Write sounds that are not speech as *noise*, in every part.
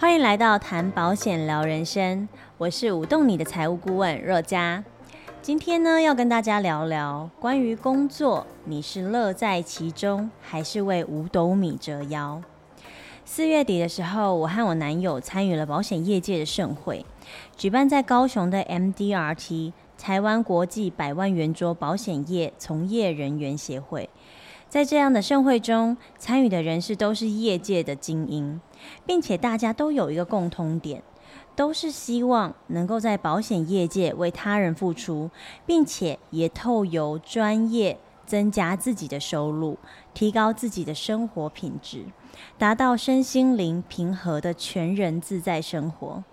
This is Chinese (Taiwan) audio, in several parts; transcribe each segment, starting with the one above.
歡迎來到談保險聊人生，我是舞動你的財務顧問若家。今天呢，要跟大家聊聊關於工作，你是樂在其中，還是為五斗米折腰？四月底的時候，我和我男友參與了保險業界的盛會，舉辦在高雄的 MDRT 台灣國際百萬圓桌保險業從業人員協會。在這樣的盛會中，參與的人士都是業界的精英，並且大家都有一個共通點，都是希望能夠在保險業界為他人付出，並且也透由專業增加自己的收入，提高自己的生活品質，達到身心靈平和的全人自在生活。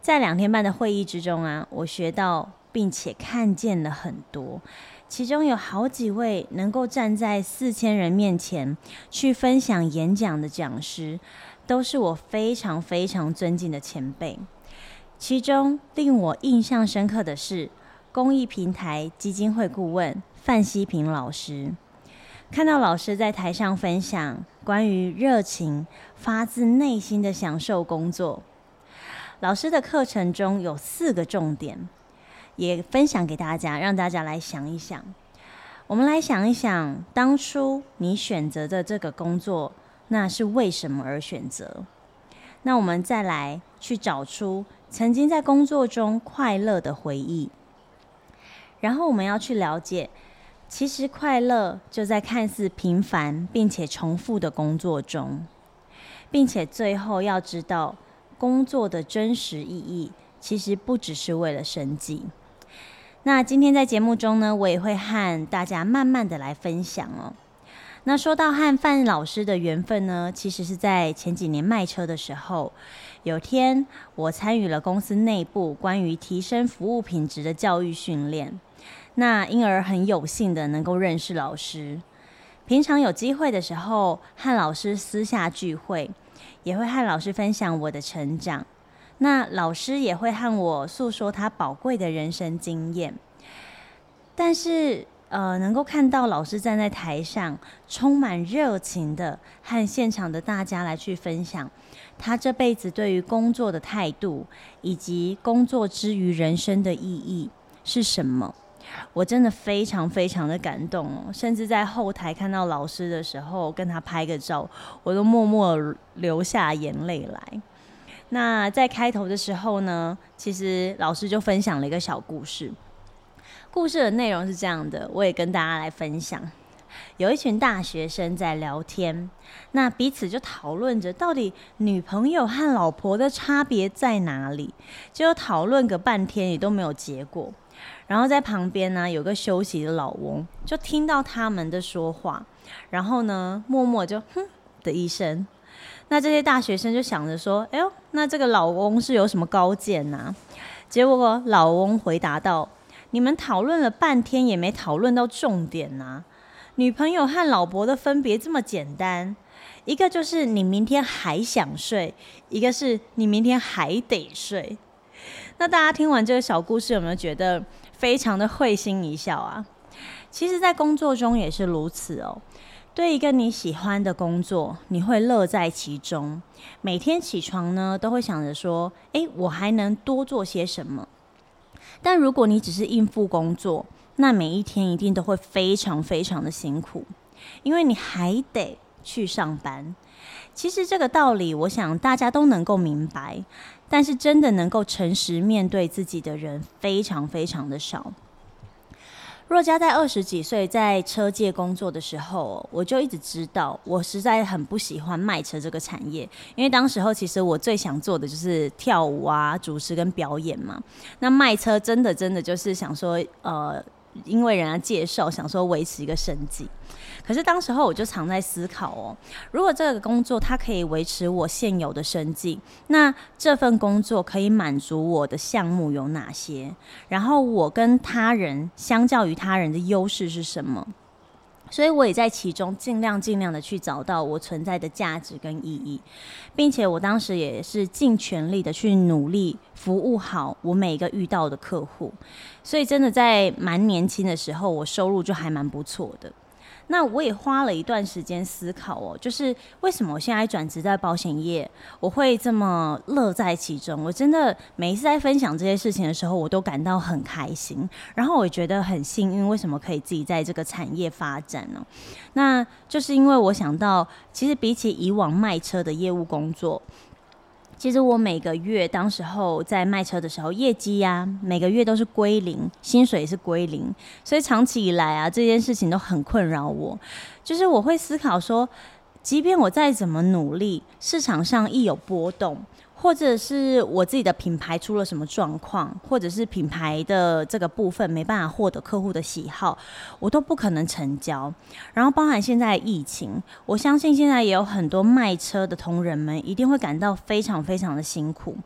在兩天半的會議之中啊，我學到並且看見了很多。其中有好幾位能夠站在四千人面前去分享演講的講師，都是我非常非常尊敬的前輩。其中令我印象深刻的是公益平台基金會顧問范希平老師。看到老師在台上分享關於熱情發自內心的享受工作，老師的課程中有四個重點。也分享給大家，讓大家來想一想。我們來想一想，當初你選擇的這個工作，那是為什麼而選擇？那我們再來去找出曾經在工作中快樂的回憶。然後我們要去了解，其實快樂就在看似平凡並且重複的工作中，並且最後要知道，工作的真實意義其實不只是為了生計。那今天在節目中呢，我也會和大家慢慢的來分享哦。那說到和范老師的緣分呢，其實是在前幾年賣車的時候，有天我參與了公司內部關於提升服務品質的教育訓練，那因而很有幸的能夠認識老師。平常有機會的時候，和老師私下聚會，也會和老師分享我的成長。那老師也會和我訴說他寶貴的人生經驗。但是，呃，能夠看到老師站在台上，充滿熱情的和現場的大家來去分享他這輩子對於工作的態度，以及工作之餘人生的意義是什麼，我真的非常非常的感動，甚至在後台看到老師的時候，跟他拍個照，我都默默流下眼淚來。那在開頭的時候呢，其實老師就分享了一個小故事。故事的內容是這樣的，我也跟大家來分享。有一群大學生在聊天，那彼此就討論着到底女朋友和老婆的差別在哪裡。結果討論個半天也都沒有結果。然後在旁邊呢、啊、有個休息的老翁，就聽到他們的說話，然後呢默默就哼的一聲。那這些大學生就想着說：“哎呦，那這個老翁是有什麼高見呢、啊？結果老翁回答道：你們討論了半天也沒討論到重點吶、啊！女朋友和老婆的分別這麼簡單，一個就是你明天還想睡，一個是你明天還得睡。那大家聽完這個小故事，有沒有覺得非常的會心一笑啊？其實，在工作中也是如此哦。對一個你喜歡的工作，你會樂在其中，每天起床呢，都會想着說：“誒，我還能多做些什麼。”但如果你只是應付工作，那每一天一定都會非常非常的辛苦，因為你還得去上班。其實這個道理，我想大家都能夠明白，但是真的能夠誠實面對自己的人，非常非常的少。若家在二十幾歲在車界工作的時候，我就一直知道，我實在很不喜歡賣車這個產業，因為當時候其實我最想做的就是跳舞啊、主持跟表演嘛。那賣車真的真的就是想說，呃，因為人家介紹，想說維持一個生計。可是當時候我就常在思考哦，如果這個工作它可以維持我現有的生計，那這份工作可以滿足我的項目有哪些？然後我跟他人相較於他人的優勢是什麼？所以我也在其中盡量盡量的去找到我存在的價值跟意義，並且我當時也是盡全力的去努力服務好我每一個遇到的客戶，所以真的在蠻年輕的時候，我收入就還蠻不錯的。那我也花了一段時間思考哦，就是為什麼我現在轉職在保險業，我會這麼樂在其中？我真的每一次在分享這些事情的時候，我都感到很開心。然後我覺得很幸運，為什麼可以自己在這個產業發展呢？哦。那就是因為我想到，其實比起以往賣車的業務工作。其實我每個月當時候在賣車的時候，業績呀，每個月都是歸零，薪水也是歸零，所以長期以來啊，這件事情都很困擾我，就是我會思考說，即便我再怎麼努力，市場上一有波動。或者是我自己的品牌出了什麼狀況，或者是品牌的這個部分沒辦法獲得客戶的喜好，我都不可能成交。然後包含現在的疫情，我相信現在也有很多賣車的同仁們一定會感到非常非常的辛苦。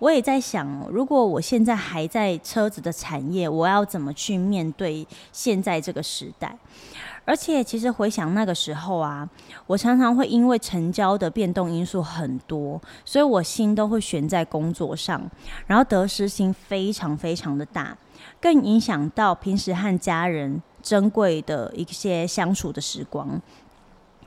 我也在想，如果我現在還在車子的產業，我要怎麼去面對現在這個時代？而且，其實回想那個時候啊，我常常會因為成交的變動因素很多，所以我心都會懸在工作上，然後得失心非常非常的大，更影響到平時和家人珍貴的一些相處的時光。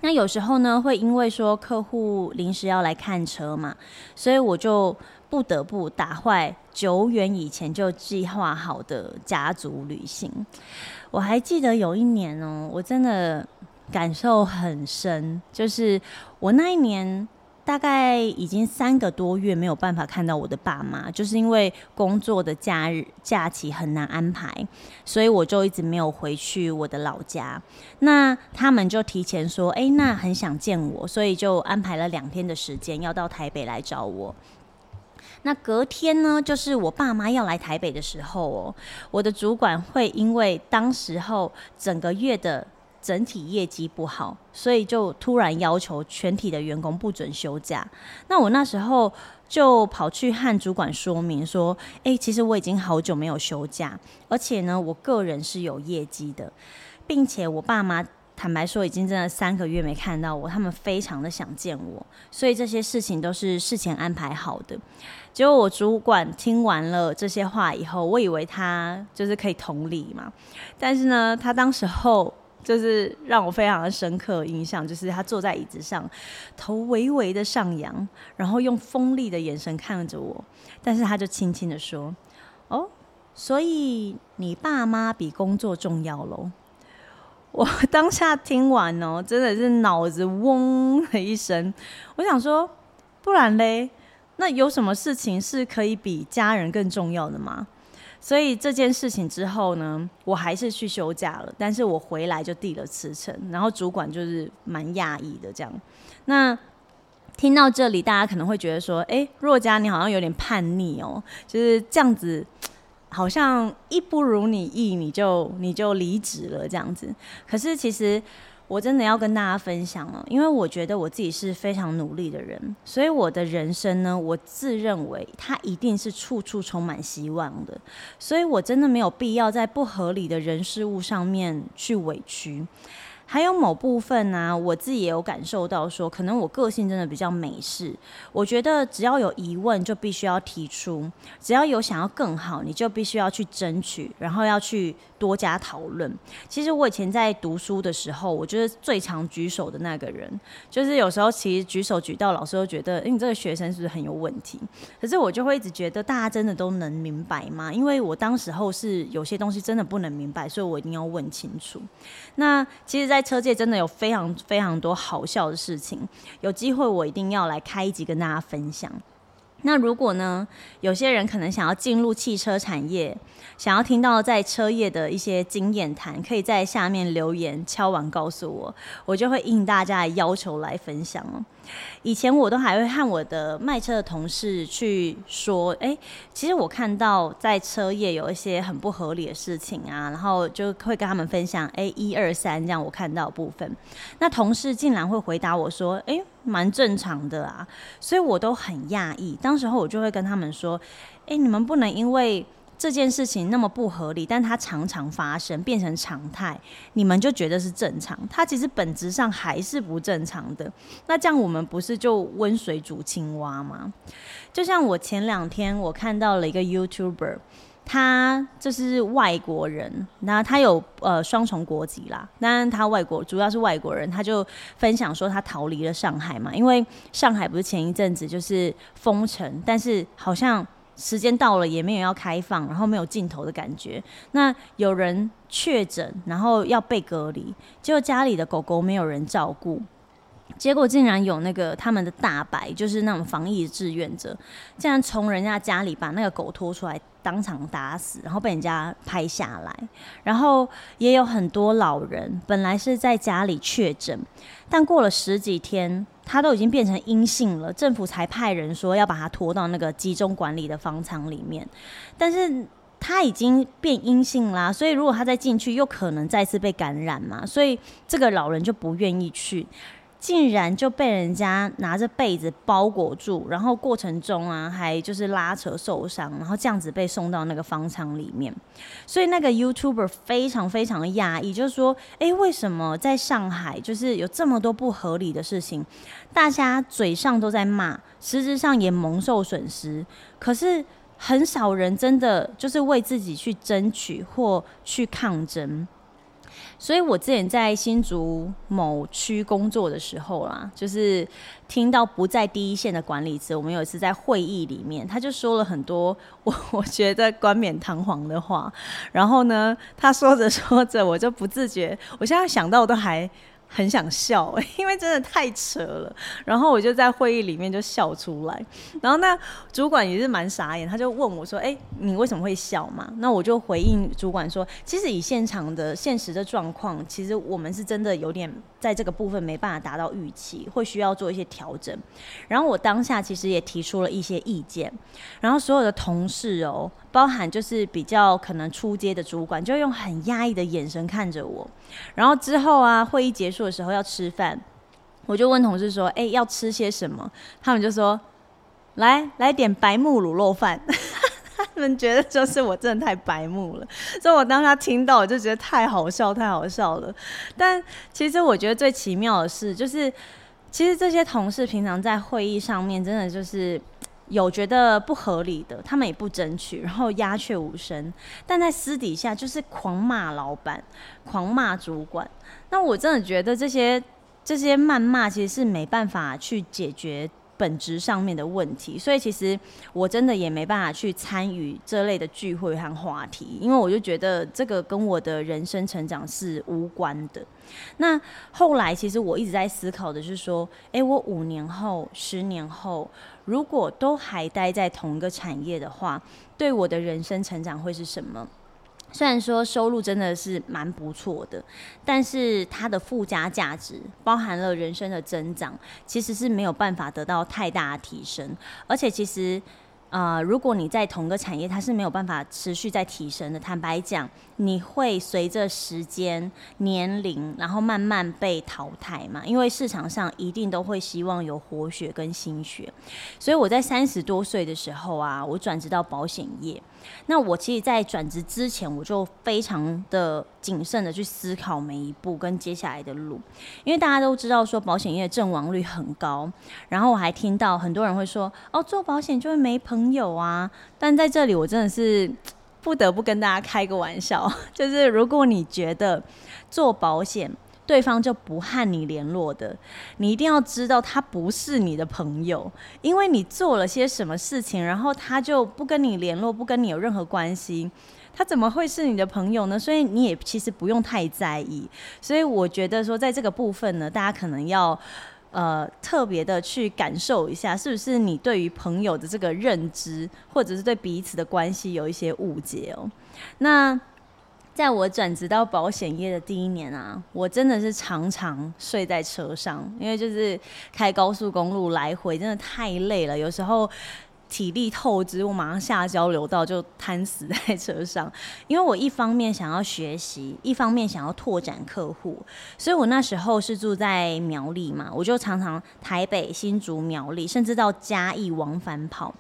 那有時候呢，會因為說客戶臨時要來看車嘛，所以我就不得不打壞久遠以前就計劃好的家族旅行。我還記得有一年哦、喔，我真的感受很深，就是我那一年大概已經三個多月沒有辦法看到我的爸媽，就是因為工作的假日假期很難安排，所以我就一直沒有回去我的老家。那他們就提前說：“哎、欸，那很想見我，所以就安排了兩天的時間要到台北來找我。”那隔天呢，就是我爸媽要來台北的時候哦，我的主管會因為當時候整個月的整體業績不好，所以就突然要求全體的員工不准休假。那我那時候就跑去和主管說明說，哎、欸，其實我已經好久沒有休假，而且呢，我個人是有業績的，並且我爸媽。坦白說，已經真的三個月沒看到我，他們非常的想見我，所以這些事情都是事前安排好的。結果我主管聽完了這些話以後，我以為他就是可以同理嘛，但是呢，他當時候就是讓我非常的深刻的印象，就是他坐在椅子上，頭微微的上揚，然後用鋒利的眼神看着我，但是他就輕輕的說：“哦，所以你爸媽比工作重要嘍。”我當下聽完哦，真的是腦子嗡的一聲。我想說，不然嘞，那有什麼事情是可以比家人更重要的嗎？所以這件事情之後呢，我還是去休假了。但是我回來就遞了辭呈，然後主管就是蠻訝異的這樣。那聽到這裡，大家可能會覺得說，誒、欸，若家，你好像有點叛逆哦，就是這樣子。好像一不如你意你，你就你就離職了這樣子。可是其實我真的要跟大家分享了，啊，因為我覺得我自己是非常努力的人，所以我的人生呢，我自認為它一定是處處充滿希望的。所以我真的沒有必要在不合理的人事物上面去委屈。還有某部分呢、啊，我自己也有感受到說，說可能我個性真的比較美式。我覺得只要有疑問就必須要提出，只要有想要更好，你就必須要去爭取，然後要去。多加討論。其實我以前在讀書的時候，我就是最常舉手的那個人。就是有時候其實舉手舉到老師都覺得，欸，你這個學生是不是很有問題？可是我就會一直覺得，大家真的都能明白嗎？因為我當時候是有些東西真的不能明白，所以我一定要問清楚。那其實，在車界真的有非常非常多好笑的事情，有機會我一定要來開一集跟大家分享。那如果呢，有些人可能想要進入汽車產業，想要聽到在車業的一些經驗談，可以在下面留言敲碗告訴我，我就會應大家的要求來分享哦。以前我都還會和我的賣車的同事去說，誒、欸，其實我看到在車業有一些很不合理的事情啊，然後就會跟他們分享，誒、欸，一二三，這樣我看到的部分，那同事竟然會回答我說，誒、欸，蠻正常的啊，所以我都很訝異，當時候我就會跟他們說，誒、欸，你們不能因為這件事情那麼不合理，但它常常發生，變成常態，你們就覺得是正常，它其實本質上還是不正常的。那這樣我們不是就溫水煮青蛙嗎？就像我前兩天我看到了一個 YouTuber，他就是外國人，那他有呃雙重國籍啦，當然，他外國主要是外國人，他就分享說他逃離了上海嘛，因為上海不是前一陣子就是封城，但是好像。時間到了也沒有要開放，然後沒有盡頭的感覺。那有人確診，然後要被隔離，結果家裡的狗狗沒有人照顧。結果竟然有那個他們的大白，就是那種防疫志願者，竟然從人家家裡把那個狗拖出來，當場打死，然後被人家拍下來。然後也有很多老人本來是在家裡確診，但過了十幾天，他都已經變成陰性了，政府才派人說要把他拖到那個集中管理的方艙裡面。但是他已經變陰性啦、啊，所以如果他再進去，又可能再次被感染嘛，所以這個老人就不願意去。竟然就被人家拿着被子包裹住，然後過程中啊還就是拉扯受傷，然後這樣子被送到那個方艙裡面，所以那個 YouTuber 非常非常壓抑，就是說，哎、欸，為什麼在上海就是有這麼多不合理的事情？大家嘴上都在罵，實質上也蒙受損失，可是很少人真的就是為自己去爭取或去抗爭。所以我之前在新竹某區工作的時候啦，就是聽到不在第一線的管理者，我們有一次在會議裡面，他就說了很多我我覺得冠冕堂皇的話，然後呢，他說着說着，我就不自覺，我現在想到我都還。很想笑，因為真的太扯了。然後我就在會議裡面就笑出來。然後那主管也是蠻傻眼，他就問我說：“哎、欸，你為什麼會笑嘛？”那我就回應主管說：“其實以現場的現實的狀況，其實我們是真的有點……”在這個部分沒辦法達到預期，會需要做一些調整。然後我當下其實也提出了一些意見。然後所有的同事哦，包含就是比較可能出街的主管，就用很壓抑的眼神看着我。然後之後啊，會議結束的時候要吃飯，我就問同事說：“欸，要吃些什麼？”他們就說：“來，來點白木滷肉飯。 *laughs* ”他們覺得就是我真的太白目了，所以我當他聽到，我就覺得太好笑，太好笑了。但其實我覺得最奇妙的是，就是其實這些同事平常在會議上面真的就是有覺得不合理的，他們也不爭取，然後鴉雀無聲。但在私底下就是狂罵老闆，狂罵主管。那我真的覺得這些這些謾罵其實是沒辦法去解決。本質上面的問題，所以其實我真的也沒辦法去參與這類的聚會和話題，因為我就覺得這個跟我的人生成長是無關的。那後來其實我一直在思考的是說，欸，我五年後、十年後，如果都還待在同一個產業的話，對我的人生成長會是什麼？雖然說收入真的是蠻不錯的，但是它的附加價值包含了人生的增長，其實是沒有辦法得到太大的提升。而且其實，啊、呃，如果你在同一個產業，它是沒有辦法持續在提升的。坦白講，你會隨着時間、年齡，然後慢慢被淘汰嘛，因為市場上一定都會希望有活血跟新血。所以我在三十多歲的時候啊，我轉職到保險業。那我其實，在轉職之前，我就非常的謹慎的去思考每一步跟接下來的路，因為大家都知道說保險業陣亡率很高，然後我還聽到很多人會說，哦，做保險就會沒朋友啊。但在這裡，我真的是不得不跟大家開個玩笑，就是如果你覺得做保險，對方就不和你聯絡的，你一定要知道他不是你的朋友，因為你做了些什麼事情，然後他就不跟你聯絡，不跟你有任何關係，他怎麼會是你的朋友呢？所以你也其實不用太在意。所以我覺得說，在這個部分呢，大家可能要呃特別的去感受一下，是不是你對於朋友的這個認知，或者是對彼此的關係有一些誤解哦。那，在我轉職到保險業的第一年啊，我真的是常常睡在車上，因為就是開高速公路來回，真的太累了，有時候體力透支，我馬上下交流道就癱死在車上。因為我一方面想要學習，一方面想要拓展客戶，所以我那時候是住在苗栗嘛，我就常常台北、新竹、苗栗，甚至到嘉義往返跑。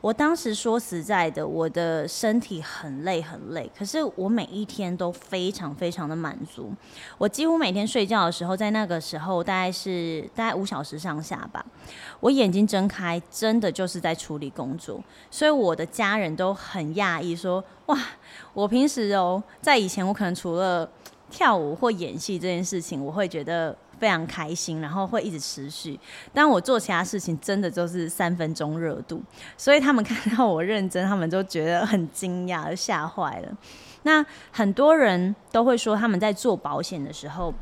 我當時說實在的，我的身體很累很累，可是我每一天都非常非常的滿足。我幾乎每天睡覺的時候，在那個時候大概是大概五小時上下吧，我眼睛睜開，真的就是在處理工作，所以我的家人都很訝異，說：“哇，我平時哦，在以前我可能除了跳舞或演戲這件事情，我會覺得。”非常開心，然後會一直持續。但我做其他事情，真的就是三分鐘熱度。所以他們看到我認真，他們就覺得很驚訝，就嚇壞了。那很多人都會說，他們在做保險的時候，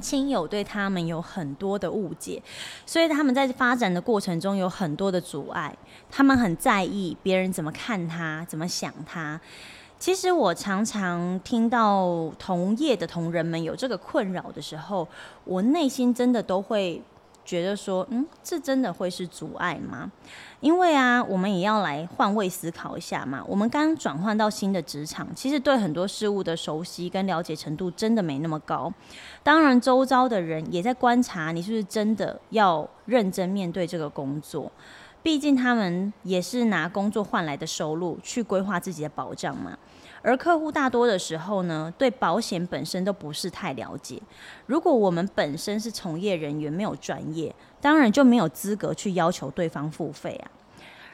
親友對他們有很多的誤解，所以他們在發展的過程中有很多的阻礙。他們很在意別人怎麼看他，怎麼想他。其實我常常聽到同業的同仁們有這個困擾的時候，我內心真的都會覺得說，嗯，這真的會是阻礙嗎？因為啊，我們也要來換位思考一下嘛。我們剛轉換到新的職場，其實對很多事物的熟悉跟了解程度真的沒那麼高。當然，周遭的人也在觀察你是不是真的要認真面對這個工作，畢竟他們也是拿工作換來的收入去規劃自己的保障嘛。而客戶大多的時候呢，對保險本身都不是太了解。如果我們本身是從業人員，沒有專業，當然就沒有資格去要求對方付費啊。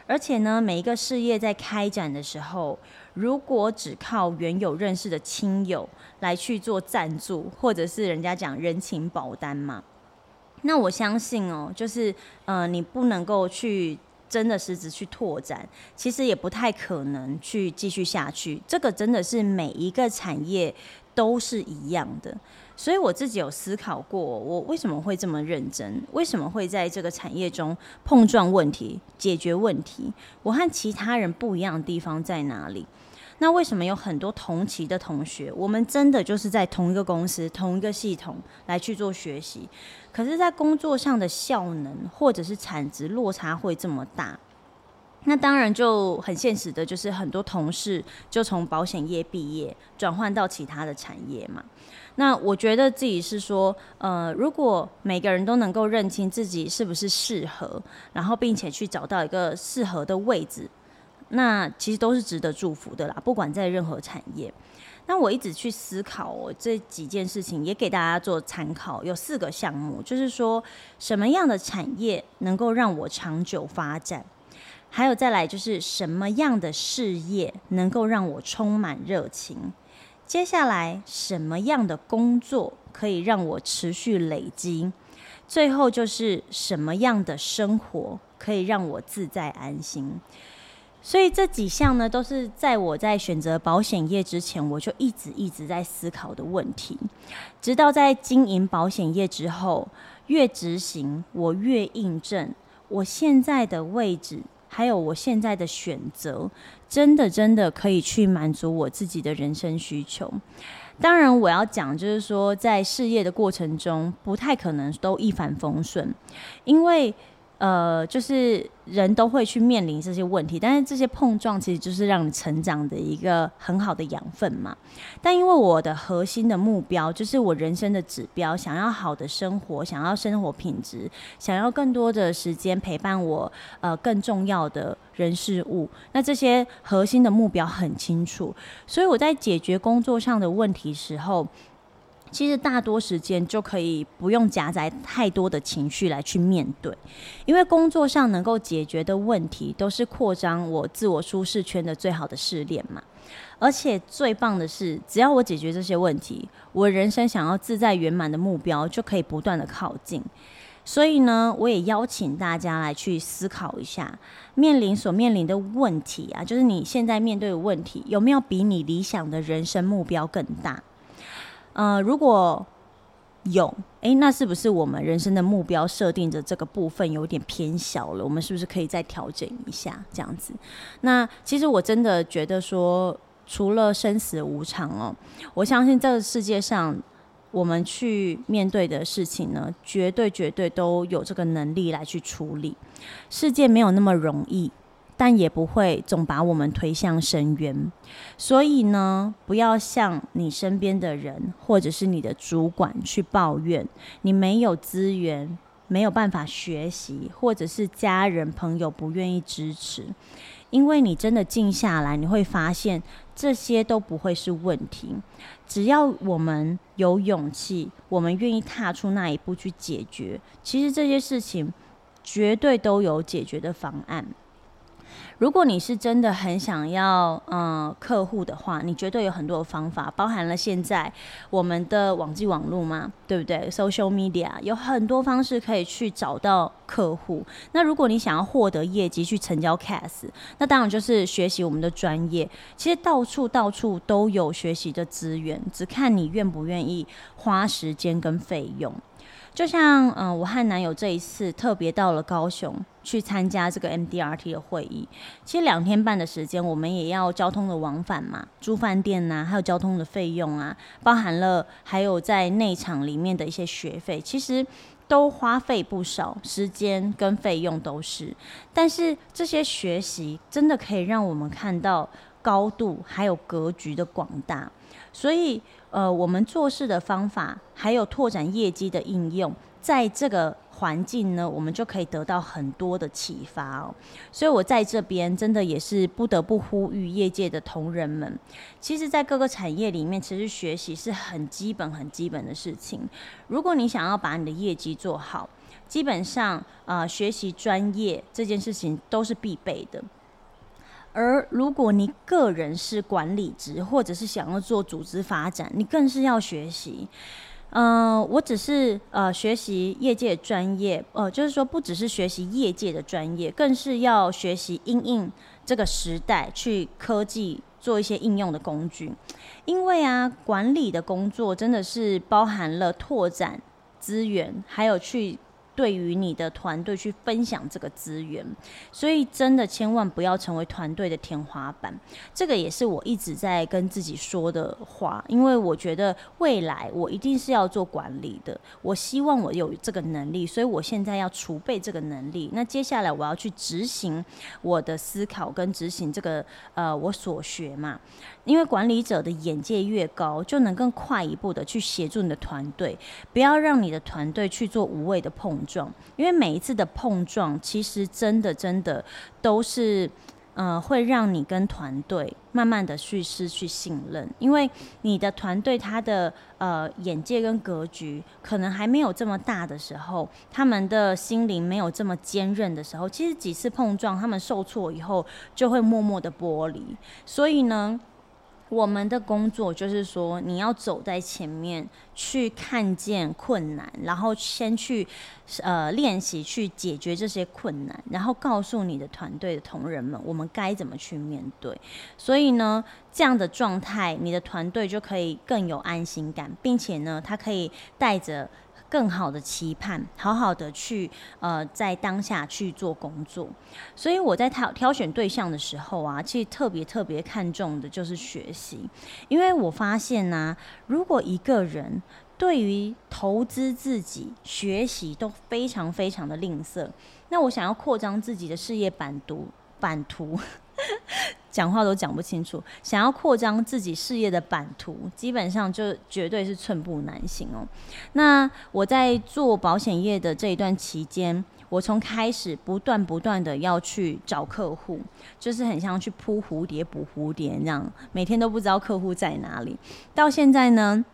而且呢，每一個事業在開展的時候，如果只靠原有認識的親友來去做贊助，或者是人家講人情保單嘛，那我相信哦，就是，呃，你不能夠去。真的實質去拓展，其實也不太可能去繼續下去。這個真的是每一個產業都是一樣的。所以我自己有思考過，我為什麼會這麼認真？為什麼會在這個產業中碰撞問題、解決問題？我和其他人不一樣的地方在哪裡？那為什麼有很多同期的同學，我們真的就是在同一個公司、同一個系統來去做學習，可是，在工作上的效能或者是產值落差會這麼大？那當然就很現實的，就是很多同事就從保險業畢業，轉換到其他的產業嘛。那我覺得自己是說，呃，如果每個人都能夠認清自己是不是適合，然後並且去找到一個適合的位置。那其實都是值得祝福的啦，不管在任何產業。那我一直去思考我、喔、這幾件事情，也給大家做參考，有四個項目，就是說什麼樣的產業能夠讓我長久發展？還有再來就是什麼樣的事業能夠讓我充滿熱情？接下來什麼樣的工作可以讓我持續累積？最後就是什麼樣的生活可以讓我自在安心？所以這幾項呢，都是在我在選擇保險業之前，我就一直一直在思考的問題。直到在經營保險業之後，越執行我越印證，我現在的位置還有我現在的選擇，真的真的可以去滿足我自己的人生需求。當然，我要講就是說，在事業的過程中，不太可能都一帆風順，因爲呃，就是人都會去面臨這些問題，但是這些碰撞其實就是讓你成長的一個很好的養分嘛。但因為我的核心的目標就是我人生的指標，想要好的生活，想要生活品質，想要更多的時間陪伴我，呃，更重要的人事物。那這些核心的目標很清楚，所以我在解決工作上的問題時候，其實大多時間就可以不用夾雜太多的情緒來去面對，因為工作上能夠解決的問題，都是擴張我自我舒適圈的最好的試煉嘛。而且最棒的是，只要我解決這些問題，我人生想要自在圓滿的目標就可以不斷地靠近。所以呢，我也邀請大家來去思考一下，面臨所面臨的問題啊，就是你現在面對的問題，有沒有比你理想的人生目標更大？呃，如果有，誒，那是不是我們人生的目標設定的這個部分有點偏小了？我們是不是可以再調整一下這樣子？那其實我真的覺得說，除了生死無常哦，我相信這個世界上我們去面對的事情呢，絕對絕對都有這個能力來去處理。世界沒有那麼容易。但也不會總把我們推向深淵，所以呢，不要向你身邊的人或者是你的主管去抱怨你沒有資源，沒有辦法學習，或者是家人朋友不願意支持，因為你真的靜下來，你會發現這些都不會是問題。只要我們有勇氣，我們願意踏出那一步去解決，其實這些事情絕對都有解決的方案。如果你是真的很想要嗯、呃、客戶的話，你絕對有很多的方法，包含了現在我們的網際網路嘛，對不對？Social media 有很多方式可以去找到客戶。那如果你想要獲得業績去成交 case，那當然就是學習我們的專業。其實到處到處都有學習的資源，只看你願不願意花時間跟費用。就像嗯、呃，我和男友這一次特別到了高雄去參加這個 MDRT 的會議。其實兩天半的時間，我們也要交通的往返嘛，住飯店吶、啊，還有交通的費用啊，包含了還有在內場裡面的一些學費，其實都花費不少，時間跟費用都是。但是這些學習真的可以讓我們看到高度還有格局的廣大，所以。呃，我們做事的方法，還有拓展業績的應用，在這個環境呢，我們就可以得到很多的啟發哦。所以我在這邊真的也是不得不呼籲業界的同仁們，其實，在各個產業裡面，其實學習是很基本、很基本的事情。如果你想要把你的業績做好，基本上啊，呃，學習專業這件事情都是必備的。而如果你個人是管理職，或者是想要做組織發展，你更是要學習。嗯、呃，我只是呃學習業界專業，呃，就是說不只是學習業界的專業，更是要學習因應這個時代去科技做一些應用的工具。因為啊，管理的工作真的是包含了拓展資源，還有去。對於你的團隊去分享這個資源，所以真的千萬不要成為團隊的天花板。這個也是我一直在跟自己說的話，因為我覺得未來我一定是要做管理的，我希望我有這個能力，所以我現在要儲備這個能力。那接下來我要去執行我的思考跟執行這個，呃，我所學嘛。因為管理者的眼界越高，就能更快一步的去協助你的團隊，不要讓你的團隊去做無謂的碰撞。因為每一次的碰撞，其實真的真的都是，呃，會讓你跟團隊慢慢的去失去信任。因為你的團隊他的呃眼界跟格局可能還沒有這麼大的時候，他們的心靈沒有這麼堅韌的時候，其實幾次碰撞，他們受挫以後就會默默的剝離。所以呢。我們的工作，就是說，你要走在前面去看見困難，然後先去呃練習去解決這些困難，然後告訴你的團隊的同仁們，我們該怎麼去面對。所以呢，這樣的狀態，你的團隊就可以更有安心感，並且呢，他可以帶着。更好的期盼，好好的去呃，在當下去做工作。所以我在挑挑選對象的時候啊，其實特別特別看重的就是學習。因為我發現呢、啊,如果一個人對於投資自己、學習都非常非常的吝嗇，那我想要擴張自己的事業版圖版圖。講 *laughs* 話都講不清楚，想要擴張自己事業的版圖，基本上就絕對是寸步難行哦。那我在做保險業的這一段期間，我從開始不斷不斷的要去找客戶，就是很像去撲蝴蝶、捕蝴蝶這樣，每天都不知道客戶在哪裡。到現在呢，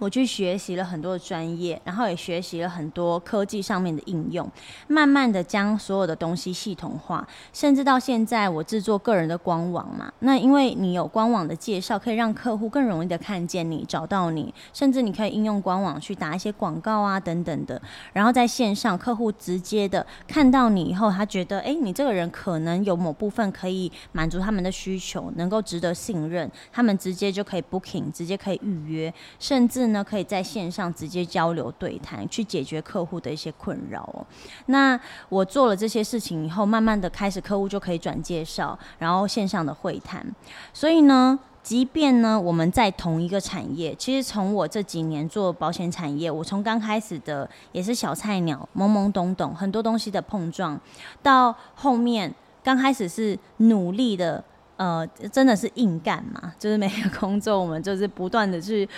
我去學習了很多的專業，然後也學習了很多科技上面的應用，慢慢的將所有的東西系統化，甚至到現在我制作個人的官網嘛。那因為你有官網的介紹，可以讓客戶更容易的看見你、找到你，甚至你可以應用官網去打一些廣告啊等等的。然後在線上，客戶直接的看到你以後，他覺得哎、欸，你這個人可能有某部分可以滿足他們的需求，能夠值得信任，他們直接就可以 booking，直接可以預約，甚至。呢，可以在線上直接交流對談，去解決客戶的一些困擾喔。那我做了這些事情以後，慢慢的開始客戶就可以轉介紹，然後線上的會談。所以呢，即便呢我們在同一個產業，其實從我這幾年做保險產業，我從剛開始的也是小菜鳥，懵懵懂懂，很多東西的碰撞，到後面剛開始是努力的，呃，真的是硬幹嘛，就是每個工作我們就是不斷的去。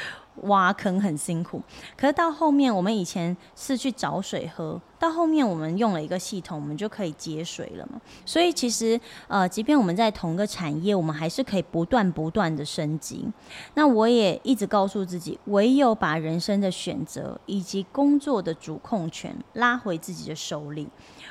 挖坑很辛苦，可是到後面，我們以前是去找水喝。到後面我們用了一個系統，我們就可以節水了嘛。所以其實，呃，即便我們在同一個產業，我們還是可以不斷不斷的升級。那我也一直告訴自己，唯有把人生的選擇以及工作的主控權拉回自己的手裡，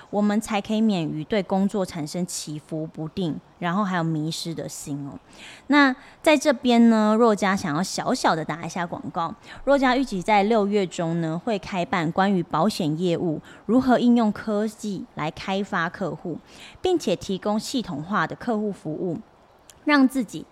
我們才可以免於對工作產生起伏不定，然後還有迷失的心哦、喔。那在這邊呢，若家想要小小的打一下廣告，若家預計在六月中呢會開辦關於保險業務。如何應用科技來開發客戶，並且提供系統化的客戶服務，讓自己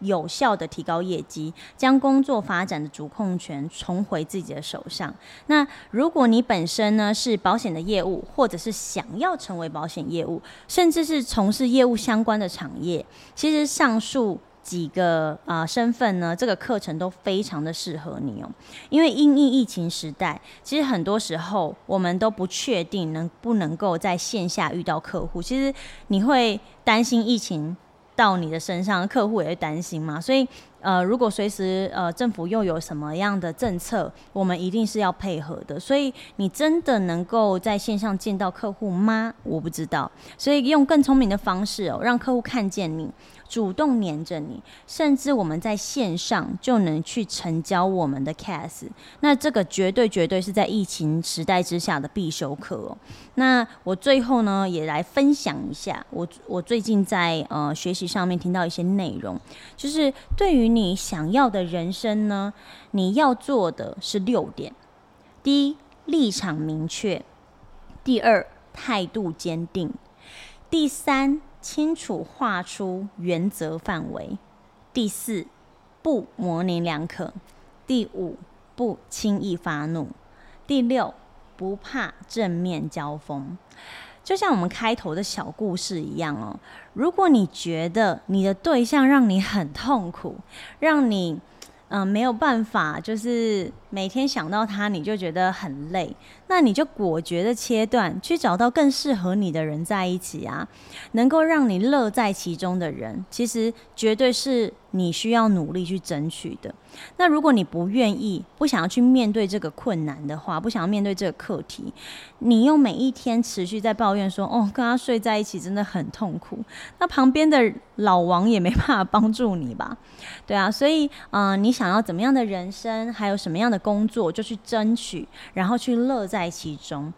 有效的提高業績，將工作發展的主控權重回自己的手上。那如果你本身呢，是保險的業務，或者是想要成為保險業務，甚至是從事業務相關的產業，其實上述。幾個啊、呃、身份呢，這個課程都非常的適合你哦、喔，因為因應疫情時代，其實很多時候我們都不確定能不能夠在線下遇到客戶。其實你會擔心疫情到你的身上，客戶也會擔心嘛，所以。呃，如果隨時呃政府又有什麼樣的政策，我們一定是要配合的。所以你真的能夠在線上見到客戶嗎？我不知道。所以用更聰明的方式哦，讓客戶看見你，主動黏着你，甚至我們在線上就能去成交我們的 case。那這個絕對絕對是在疫情時代之下的必修課哦。那我最後呢，也來分享一下我我最近在呃學習上面聽到一些內容，就是對於。你想要的人生呢？你要做的是六點：第一，立場明確；第二，態度堅定；第三，清楚劃出原則範圍；第四，不模棱兩可；第五，不輕易發怒；第六，不怕正面交鋒。就像我們開頭的小故事一樣哦，如果你覺得你的對象讓你很痛苦，讓你嗯沒有辦法，就是。每天想到他，你就覺得很累，那你就果決的切斷，去找到更適合你的人在一起啊，能夠讓你樂在其中的人，其實絕對是你需要努力去爭取的。那如果你不願意，不想要去面對這個困難的話，不想要面對這個課題，你用每一天持續在抱怨說，哦，跟他睡在一起真的很痛苦，那旁邊的老王也沒辦法幫助你吧？對啊，所以，啊、呃，你想要怎麼樣的人生，還有什麼樣的？工作就去爭取，然後去樂在其中，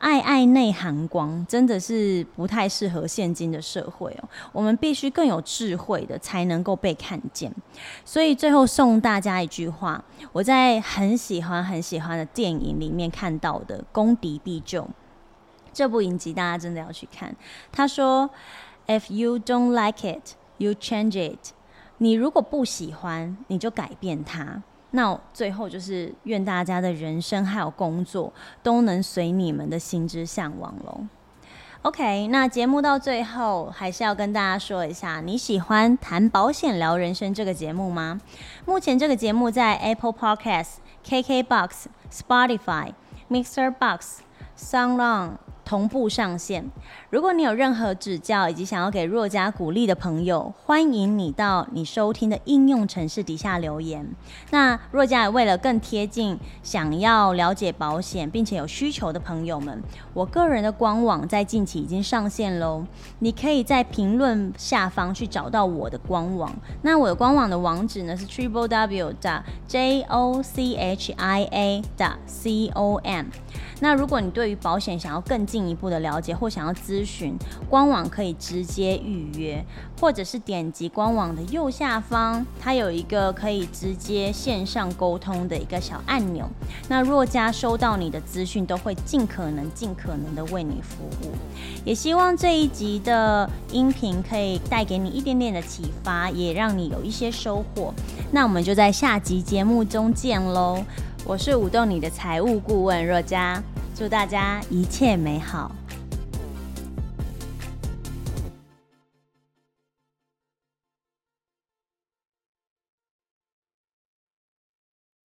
曖曖內含光，真的是不太適合現今的社會哦。我們必須更有智慧的，才能夠被看見。所以最後送大家一句話，我在很喜歡很喜歡的電影裡面看到的，《攻敵必救》這部影集，大家真的要去看。他說：“If you don't like it, you change it。”你如果不喜歡，你就改變它。那最後就是願大家的人生還有工作都能隨你們的心之嚮往咯。OK，那節目到最後還是要跟大家說一下，你喜歡談保險聊人生這個節目嗎？目前這個節目在 Apple Podcast、KK Box、Spotify、Mixer Box、Sound On 同步上線。如果你有任何指教，以及想要給若家鼓勵的朋友，歡迎你到你收聽的應用程式底下留言。那若家也為了更貼近想要了解保險並且有需求的朋友們，我個人的官網在近期已經上線嘍。你可以在評論下方去找到我的官網。那我的官網的網址呢是 triple w j o c h i a 的 c o m。那如果你對於保險想要更進一步的了解，或想要資諮詢官網可以直接預約，或者是點擊官網的右下方，它有一個可以直接線上溝通的一個小按鈕。那若家收到你的資訊，都會盡可能、盡可能的為你服務。也希望這一集的音頻可以帶給你一點點的啟發，也讓你有一些收穫。那我們就在下集節目中見嘍！我是舞動你的財務顧問若家，祝大家一切美好。